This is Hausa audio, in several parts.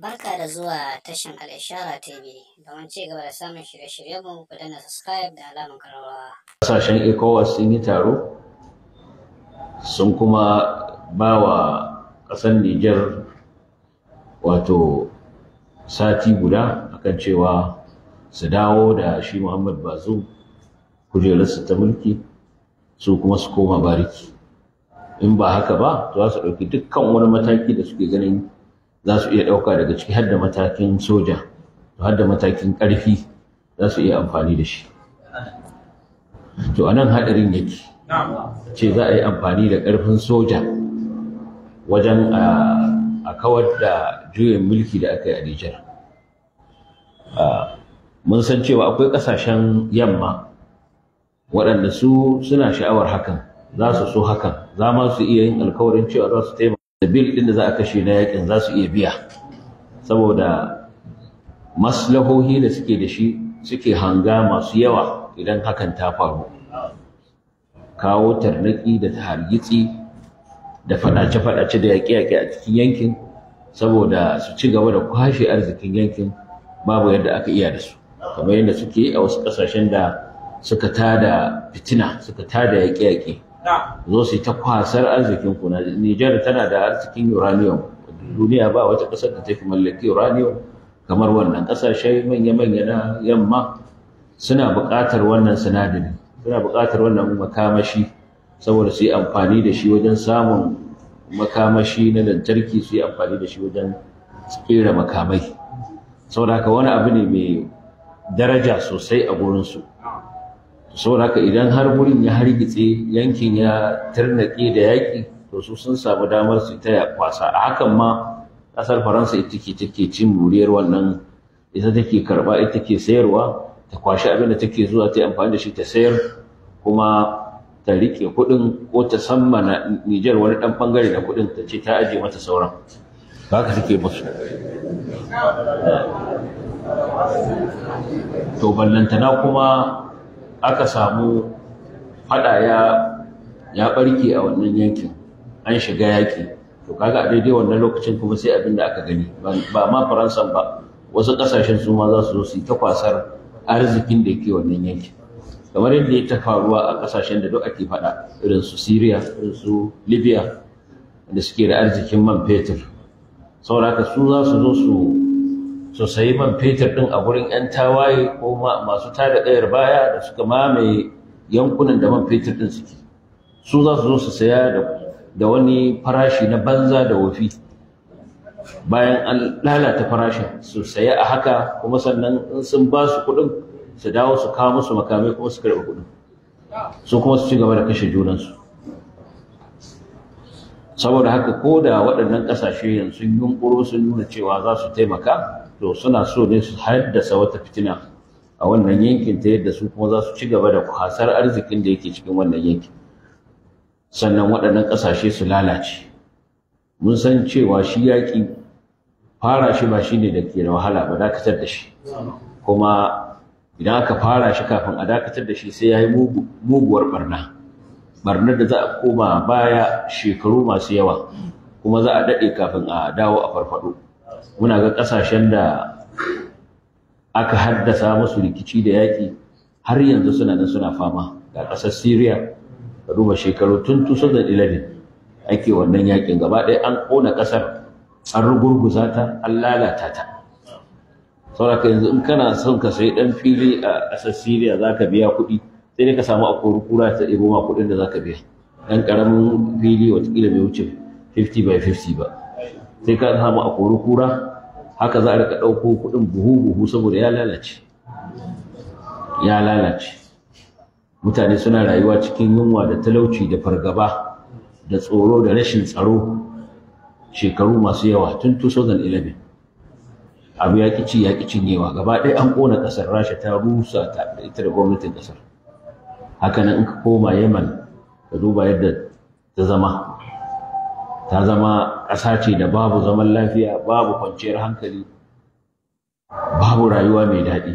Barka da zuwa tashin Al'ishara TV domin ci gaba da samun shirye mu ku danna subscribe da alamun karawa. Kasashen ECOWAS sun yi taro sun kuma ba wa ƙasar Nijar wato sati guda akan cewa su dawo da shi Muhammad Bazoum kujerarsa ta mulki su kuma su koma bariki. In ba haka ba, za su ɗauki dukkan wani mataki da suke ganin za su iya ɗauka daga ciki har da matakin soja har da matakin ƙarfi za su iya amfani da shi to a nan haɗarin yake ce za a yi amfani da ƙarfin soja wajen a kawar da juyin mulki da aka yi a Nijar mun san cewa akwai ƙasashen yamma waɗanda su suna sha'awar hakan za su so hakan za ma su iya yin alkawarin cewa za su taimaka da bil ɗin da za a kashe na yakin za su iya biya saboda maslahohi da suke da shi suke hanga masu yawa idan hakan ta faru kawo tarnaki da hargitsi da faɗace-faɗace da yaƙe-yaƙe a cikin yankin saboda su ci gaba da kwashe arzikin yankin babu yadda aka iya da su kamar yadda suke a wasu ƙasashen da suka tada fitina suka tada yaƙe-yaƙe zo su ta kwasar arzikin ku na Nijar tana da arzikin uranium duniya ba wata ƙasar da take mallaki uranium kamar wannan ƙasashe manya-manya na yamma suna buƙatar wannan sinadari suna buƙatar wannan makamashi saboda su yi amfani da shi wajen samun makamashi na lantarki su yi amfani da shi wajen tsira makamai saboda haka wani abu ne mai daraja sosai a gurinsu saboda idan har gurin ya hargitse yankin ya tarnake da yaƙi to su sun samu damar su ta kwasa a hakan ma ƙasar faransa ita ke take cin buriyar wannan ita take karɓa ita ke sayarwa ta kwashi abin da take zuwa ta yi amfani da shi ta sayar kuma ta riƙe kuɗin ko ta na Nijar wani ɗan ɓangare da kuɗin ta ce ta aje mata sauran ba ka take musu to ballantana kuma aka samu fada ya ya barke a wannan yankin an shiga yaki to kaga a daidai wannan lokacin kuma sai abin da aka gani ba ma faransa ba wasu kasashen su ma za su zo su yi ta kwasar arzikin da ke wannan yankin kamar yadda ya ta faruwa a kasashen da duk ake fada irin su syria irin su libya da suke da arzikin man fetur saboda su za su zo su su sayi man fetur ɗin a gurin 'yan tawaye ko masu tada ɗayar baya da suka mamaye yankunan da man fetur ɗin suke su za su zo su saya da wani farashi na banza da wafi bayan an lalata farashin su saya a haka kuma sannan in sun ba su kuɗin su dawo su kawo musu makamai kuma su karɓi kuɗin su kuma su ci gaba da kashe junansu saboda haka ko da waɗannan ƙasashe yanzu yunkuro sun nuna cewa za su taimaka to suna so ne su haddasa wata fitina a wannan yankin ta yadda su kuma za su ci gaba da kwasar arzikin da yake cikin wannan yankin sannan waɗannan ƙasashe su lalace mun san cewa shi yaƙi fara shi ba shine da ke da wahala ba dakatar da shi kuma idan aka fara shi kafin a dakatar da shi sai ya yi muguwar barna barna da za a koma baya shekaru masu yawa kuma za a daɗe kafin a dawo a farfaɗo muna ga ƙasashen da aka haddasa musu rikici da yaƙi har yanzu suna nan suna fama ga ƙasar Syria ka duba shekaru tun 2011 ake wannan yaƙin gaba ɗaya an ƙona ƙasar an rugurguza ta an lalata ta sauraka yanzu in kana son ka sayi ɗan fili a ƙasar Syria za ka biya kuɗi sai dai ka samu a kura ta ɗebo ma kuɗin da za ka biya ɗan ƙaramin fili wata watakila bai wuce 50 by 50 ba sai ka zama a kori kura haka za a rika ɗauko kuɗin buhu-buhu saboda ya lalace ya lalace mutane suna rayuwa cikin yunwa da talauci da fargaba da tsoro da rashin tsaro shekaru masu yawa tun 2011 abu ya kici ya kicin yawa gaba ɗaya an ƙona ƙasar rasha ta rusa ta ita da gwamnatin ƙasar haka nan in ka koma yaman ka duba yadda ta zama ta zama ƙasa ce da babu zaman lafiya babu kwanciyar hankali babu rayuwa mai daɗi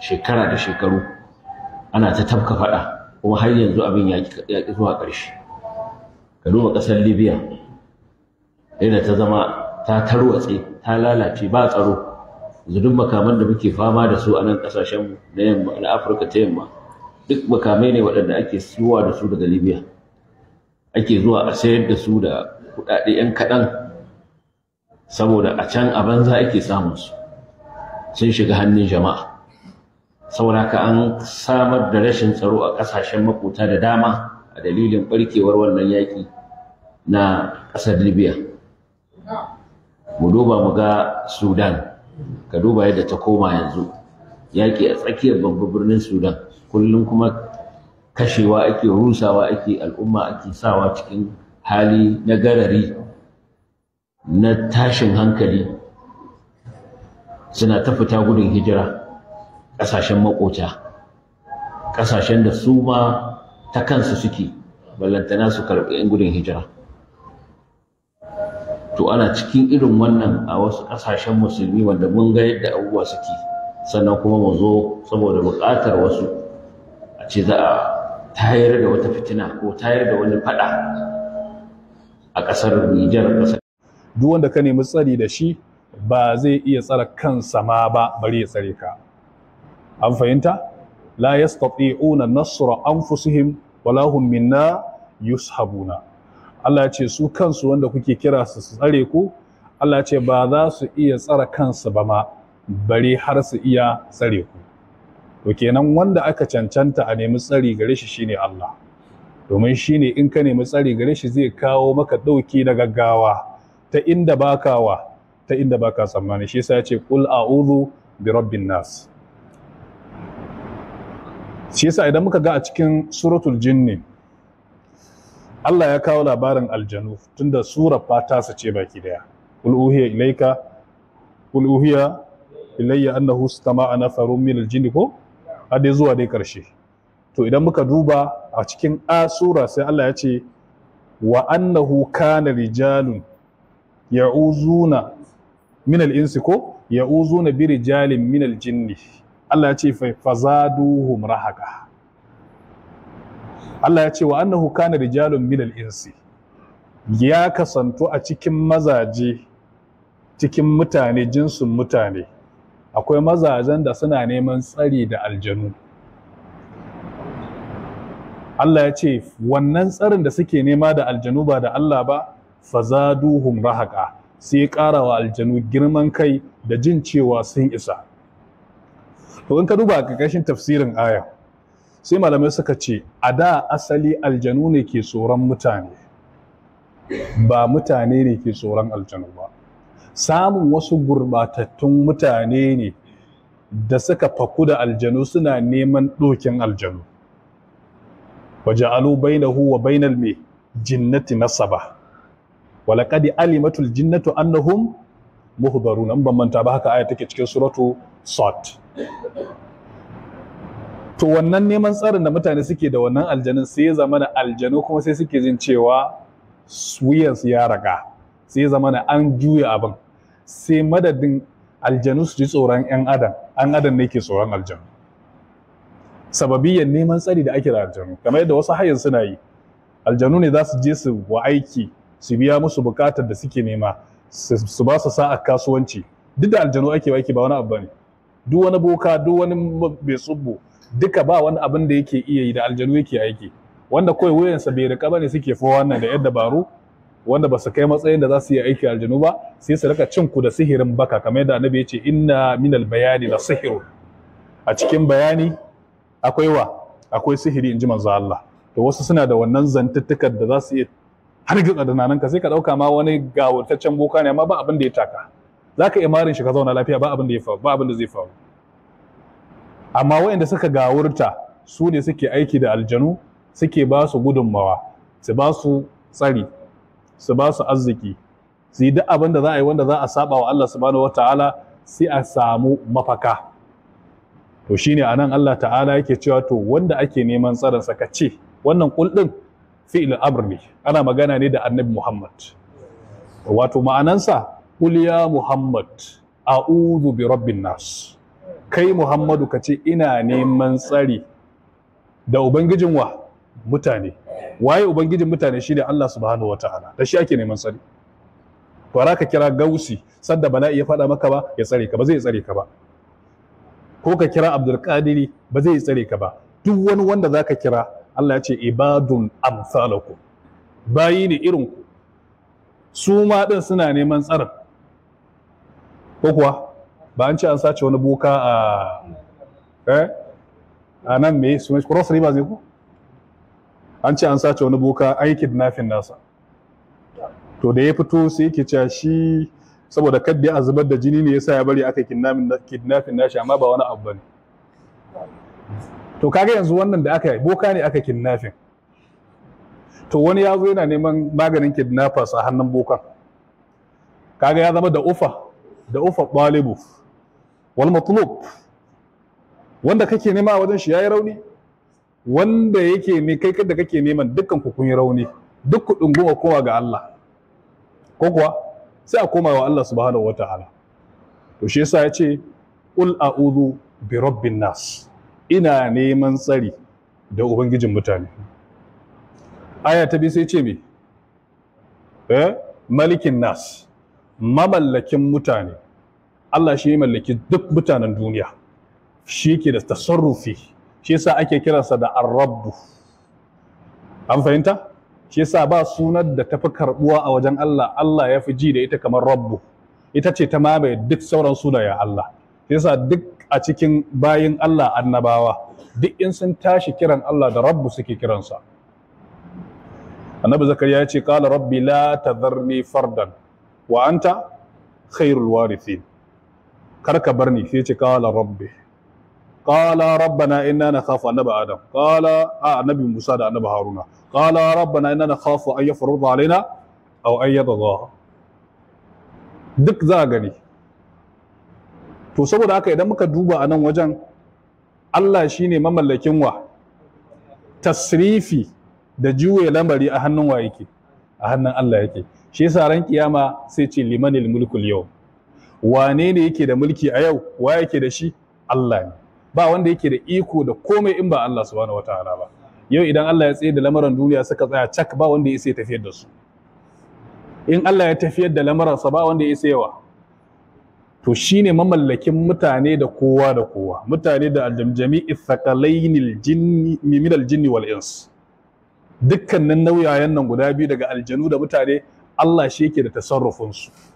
shekara da shekaru ana ta tabka faɗa kuma har yanzu abin ya ƙi zuwa ƙarshe ka duba ƙasar libya yadda ta zama ta tarwatse ta lalace ba tsaro Zudun makaman da muke fama da su a nan ƙasashenmu na yamma na afirka ta yamma duk makamai ne waɗanda ake siyowa da su daga libya ake zuwa a sayar da su da kuɗaɗe 'yan kaɗan saboda a can a banza ake samun su sun shiga hannun jama'a saboda ka an samar da rashin tsaro a ƙasashen makuta da dama a dalilin ɓarkewar wannan yaƙi na ƙasar libya mu duba mu ga sudan ka duba yadda ta koma yanzu yaƙi a tsakiyar babban birnin sudan kullum kuma kashewa ake rusawa ake al'umma ake sawa cikin hali na garari na tashin hankali suna ta fita gudun hijira ƙasashen maƙota ƙasashen da su ma ta kansu suke ballantana su karɓi 'yan gudun hijira to ana cikin irin wannan a wasu ƙasashen musulmi wanda mun ga yadda abubuwa suke sannan kuma mu zo saboda buƙatar wasu a ce za a tayar da wata fitina ko tayar da wani faɗa a ƙasar Nijar ƙasar duk wanda ka nemi tsari da shi ba zai iya tsara kansa ma ba bari ya tsare ka an fahimta la yastati'una nasra anfusihim wala hum minna yushabuna Allah ya ce su kansu wanda kuke kira su tsare ku Allah ce ba za su iya tsara kansu ba ma bari har su iya tsare ku to kenan wanda aka cancanta a nemi tsari gare shi ne Allah domin shi in ka nemi tsari gare shi zai kawo maka ɗauki na gaggawa ta inda baka wa ta inda baka tsammani shi yasa ya ce qul a'udhu bi rabbin nas shi yasa idan muka ga a cikin suratul jinni Allah ya kawo labarin aljanu tunda surar fata su ce baki daya qul uhiya ilayka qul uhiya ilayya annahu istama'a nafarun min aljinni ko har zuwa dai karshe to idan muka duba a cikin a sura sai Allah ya ce wa annahu kana rijalun ya'uzuna min al-insi ko ya'uzuna bi rijalin min al-jinni Allah ya ce fazaduhum rahaqa Allah ya ce wa annahu kana rijalun min al-insi ya kasanto a cikin mazaje cikin mutane jinsin mutane akwai mazajen da suna neman tsari da aljanu Allah ya ce wannan tsarin da suke nema da aljanu ba da Allah ba fazaduhum rahaka sai ya ƙara wa aljanu girman kai da jin cewa sun isa to in ka duba ƙarƙashin tafsirin aya sai malamai suka ce a da asali aljanu ne ke tsoron mutane ba mutane ne ke tsoron aljanu ba samun wasu gurbatattun mutane ne da suka faku da aljanu suna neman ɗokin aljanu وجعلوا bainahu wa الجنة mai jinnati علمت الجنة alimatul jinnatu annahum بمن an ban manta ba haka take cikin suratu to wannan neman tsarin da mutane suke da wannan aljanin sai ya zama da aljanu kuma sai suke jin cewa wuyansu ya raga sai ya zama da an juya abin sai madadin aljanu su ji tsoron 'yan adam an adam ne ke tsoron aljanu sababiyyar neman tsari da ake da aljanu kamar yadda wasu hayan suna yi aljanu ne za su je su wa aiki su biya musu bukatar da suke nema su ba su sa'a kasuwanci duk da aljanu ake wa aiki ba wani abu bane duk wani boka duk wani mai tsubbo duka ba wani abin da yake iya yi da aljanu yake aiki wanda kawai wuyansa bai rika bane suke fa wannan da yadda baro wanda ba su kai matsayin da za su yi aiki aljanu ba sai su rika cin ku da sihirin baka kamar yadda annabi ya ce inna minal bayani la sihiru a cikin bayani akwai wa akwai sihiri in ji manzo Allah to wasu suna da wannan zantuttukar da za su iya har ga ka sai ka dauka ma wani gawurtaccen boka ne amma ba abin da ya taka za ka iya marin shi ka zauna lafiya ba abin da ya faru ba abin da zai faru amma waɗanda suka gawurta su ne suke aiki da aljanu suke ba su gudunmawa su ba su tsari su ba su arziki su yi duk abin da za a yi wanda za a saba wa Allah subhanahu wataala sai a samu mafaka to shine anan Allah ta'ala yake cewa to wanda ake neman tsaron sa ka ce wannan kuldin fi'il amr ne ana magana ne da annabi Muhammad wato ma'anansa kul ya Muhammad a'udhu bi rabbin nas kai Muhammadu ka ce ina neman tsari da ubangijin wa mutane waye ubangijin mutane shine Allah subhanahu wataala da shi ake neman tsari ba ka kira gausi sanda bala'i ya faɗa maka ba ya tsare ka ba zai tsare ka ba ko ka kira abdulkadiri ba zai tsare ka ba duk wani wanda za ka kira Allah ya ce ibadun amsalaku bayi ne irin ku su ma din suna neman tsarin ko kuwa ba an ce an sace wani boka a eh a nan me su cross river zai ku? an ce an sace wani boka an yi kidnapping nasa to da ya fito sai yake cewa shi saboda kadda a zubar da jini ne yasa ya bari aka kidnapping nashi amma ba wani abu bane to kaga yanzu wannan da aka yi boka ne aka kidnapping to wani ya zo yana neman maganin kidnappers a hannun bokan kaga ya zama da ufa da ufa ɓalibu wal matlub wanda kake nema a wajen shi yayi rauni wanda yake ne kai kada kake neman dukkan ku kun yi rauni duk kuɗin dunguma kowa ga Allah ko kuwa sai a koma wa Allah subhanahu wataala to shi yasa yace qul a'udhu bi rabbin nas ina neman tsari da ubangijin mutane aya ta bi sai ce me eh malikin nas mamallakin mutane Allah shi mallaki duk mutanen duniya shi ke da tasarrufi shi yasa ake kiransa da ar-rabb an fahimta shi yasa ba sunar da tafi karbuwa a wajen Allah Allah ya fi ji da ita kamar rabbu ita ce ta mamaye duk sauran ya Allah shi yasa duk a cikin bayin Allah annabawa duk in sun tashi kiran Allah da rabbu suke kiransa annabi zakariya ya ce qala rabbi la tadharni fardan wa anta khairul warithin kar ka barni sai ce qala rabbi qala rabbana inna nakhafu annabi adam qala a annabi musa da annabi haruna qala rabbana inna nakhafu an yafruḍa alaina aw an yadgha duk za a gani to saboda haka idan muka duba a nan wajen Allah shi ne mamallakin wa tasrifi da juye lamari a hannun wa yake a hannun Allah yake shi yasa ran kiyama sai ce limanil mulkul yau wane ne yake da mulki a yau wa yake da shi Allah ne ba wanda yake da iko da komai in ba Allah subhanahu wataala ba yau idan Allah ya tsaye da lamarin duniya suka tsaya cak ba wanda ya sai tafiyar da su in Allah ya tafiyar da sa ba wanda ya isa yawa to shine mamallakin mutane da kowa da kowa mutane da aljamjami ithaqalainil jinni min aljinni wal ins dukkanin nauyayen nan guda biyu daga aljanu da mutane Allah shi yake da tasarrufin su